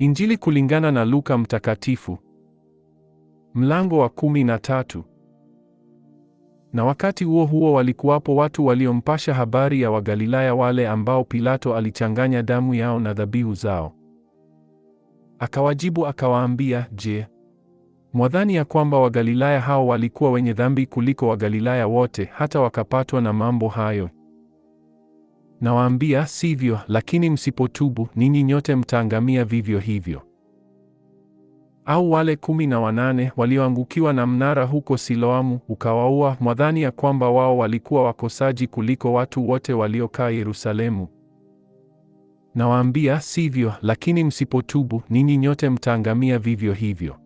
Injili kulingana na Luka Mtakatifu, mlango wa kumi na tatu. Na wakati huo huo walikuwapo watu waliompasha habari ya Wagalilaya wale ambao Pilato alichanganya damu yao na dhabihu zao. Akawajibu akawaambia, Je, mwadhani ya kwamba Wagalilaya hao walikuwa wenye dhambi kuliko Wagalilaya wote hata wakapatwa na mambo hayo? Nawaambia sivyo, lakini msipotubu ninyi nyote mtaangamia vivyo hivyo. Au wale kumi na wanane walioangukiwa na mnara huko Siloamu ukawaua, mwadhani ya kwamba wao walikuwa wakosaji kuliko watu wote waliokaa Yerusalemu. Nawaambia sivyo, lakini msipotubu ninyi nyote mtaangamia vivyo hivyo.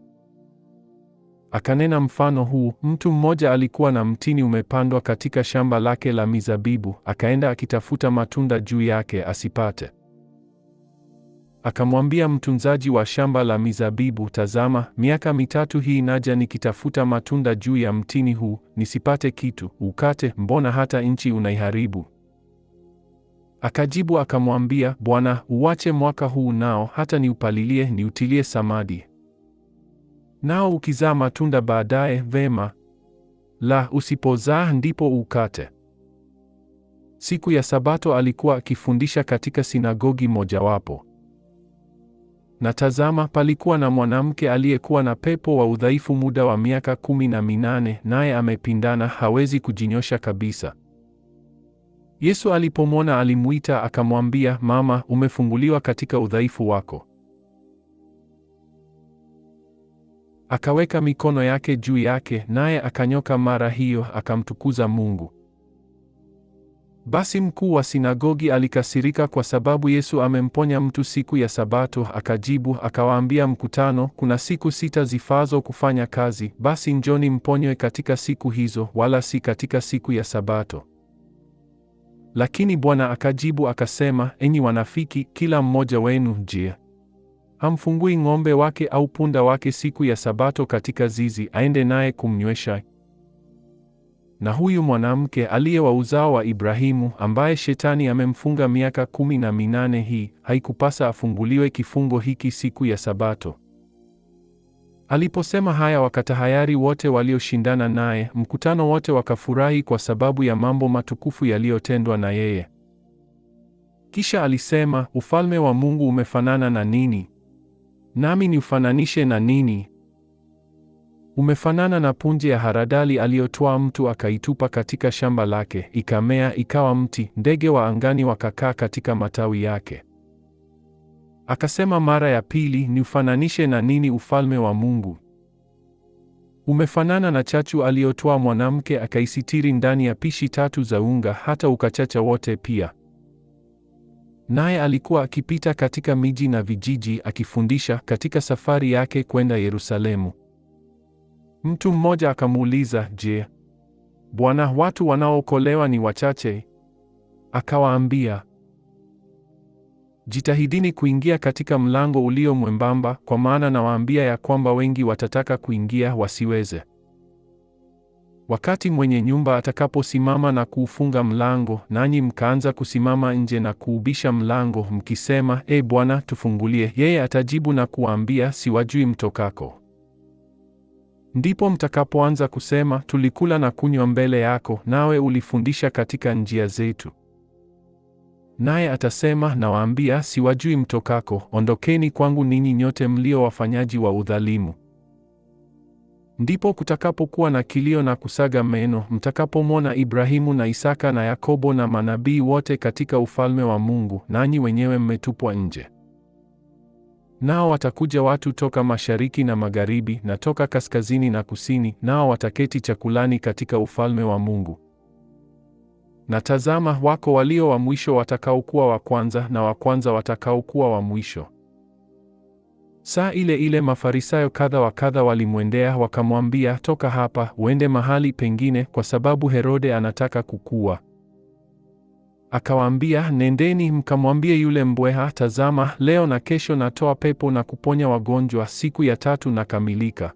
Akanena mfano huu, mtu mmoja alikuwa na mtini umepandwa katika shamba lake la mizabibu, akaenda akitafuta matunda juu yake asipate. Akamwambia mtunzaji wa shamba la mizabibu, tazama, miaka mitatu hii naja nikitafuta matunda juu ya mtini huu, nisipate kitu, ukate, mbona hata nchi unaiharibu? Akajibu akamwambia, Bwana, uwache mwaka huu nao, hata niupalilie, niutilie samadi nao ukizaa matunda baadaye, vema; la usipozaa, ndipo ukate. Siku ya Sabato alikuwa akifundisha katika sinagogi mojawapo, na tazama, palikuwa na mwanamke aliyekuwa na pepo wa udhaifu muda wa miaka kumi na minane, naye amepindana, hawezi kujinyosha kabisa. Yesu alipomwona, alimwita akamwambia, Mama, umefunguliwa katika udhaifu wako. Akaweka mikono yake juu yake, naye akanyoka mara hiyo, akamtukuza Mungu. Basi mkuu wa sinagogi alikasirika kwa sababu Yesu amemponya mtu siku ya Sabato. Akajibu akawaambia mkutano, kuna siku sita zifazo kufanya kazi, basi njoni mponywe katika siku hizo, wala si katika siku ya Sabato. Lakini Bwana akajibu akasema, enyi wanafiki, kila mmoja wenu, je, hamfungui ng'ombe wake au punda wake siku ya Sabato katika zizi aende naye kumnywesha. Na huyu mwanamke aliye wa uzao wa Ibrahimu, ambaye shetani amemfunga miaka kumi na minane, hii haikupasa afunguliwe kifungo hiki siku ya Sabato. Aliposema haya, wakatahayari wote walioshindana naye, mkutano wote wakafurahi kwa sababu ya mambo matukufu yaliyotendwa na yeye. Kisha alisema, ufalme wa Mungu umefanana na nini? Nami niufananishe na nini? Umefanana na punje ya haradali aliyotwaa mtu akaitupa katika shamba lake, ikamea ikawa mti, ndege wa angani wakakaa katika matawi yake. Akasema mara ya pili, niufananishe na nini ufalme wa Mungu? Umefanana na chachu aliyotwaa mwanamke akaisitiri ndani ya pishi tatu za unga, hata ukachacha wote pia. Naye alikuwa akipita katika miji na vijiji akifundisha katika safari yake kwenda Yerusalemu. Mtu mmoja akamuuliza, "Je, Bwana, watu wanaookolewa ni wachache?" Akawaambia, Jitahidini kuingia katika mlango ulio mwembamba, kwa maana nawaambia ya kwamba wengi watataka kuingia wasiweze. Wakati mwenye nyumba atakaposimama na kuufunga mlango, nanyi mkaanza kusimama nje na kuubisha mlango, mkisema, E Bwana, tufungulie, yeye atajibu na kuwaambia, siwajui mtokako. Ndipo mtakapoanza kusema, tulikula na kunywa mbele yako, nawe ulifundisha katika njia zetu. Naye atasema, nawaambia, siwajui mtokako, ondokeni kwangu ninyi nyote mlio wafanyaji wa udhalimu. Ndipo kutakapokuwa na kilio na kusaga meno mtakapomwona Ibrahimu na Isaka na Yakobo na manabii wote katika ufalme wa Mungu, nanyi wenyewe mmetupwa nje. Nao watakuja watu toka mashariki na magharibi na toka kaskazini na kusini, nao wataketi chakulani katika ufalme wa Mungu. Na tazama, wako walio wa mwisho watakaokuwa wa kwanza, na wa kwanza watakaokuwa wa mwisho. Saa ile ile Mafarisayo kadha wa kadha walimwendea wakamwambia, toka hapa uende mahali pengine, kwa sababu Herode anataka kukua. Akawaambia, nendeni mkamwambie yule mbweha, tazama, leo na kesho natoa pepo na kuponya wagonjwa, siku ya tatu nakamilika.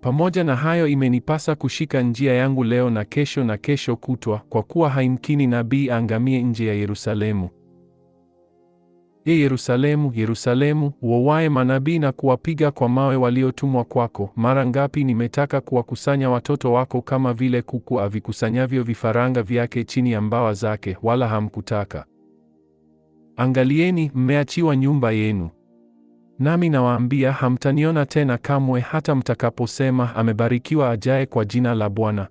Pamoja na hayo, imenipasa kushika njia yangu leo na kesho na kesho kutwa, kwa kuwa haimkini nabii angamie nje ya Yerusalemu. E Yerusalemu, Yerusalemu, uowae manabii na kuwapiga kwa mawe waliotumwa kwako! Mara ngapi nimetaka kuwakusanya watoto wako kama vile kuku avikusanyavyo vifaranga vyake chini ya mbawa zake, wala hamkutaka. Angalieni, mmeachiwa nyumba yenu. Nami nawaambia, hamtaniona tena kamwe, hata mtakaposema, Amebarikiwa ajaye kwa jina la Bwana.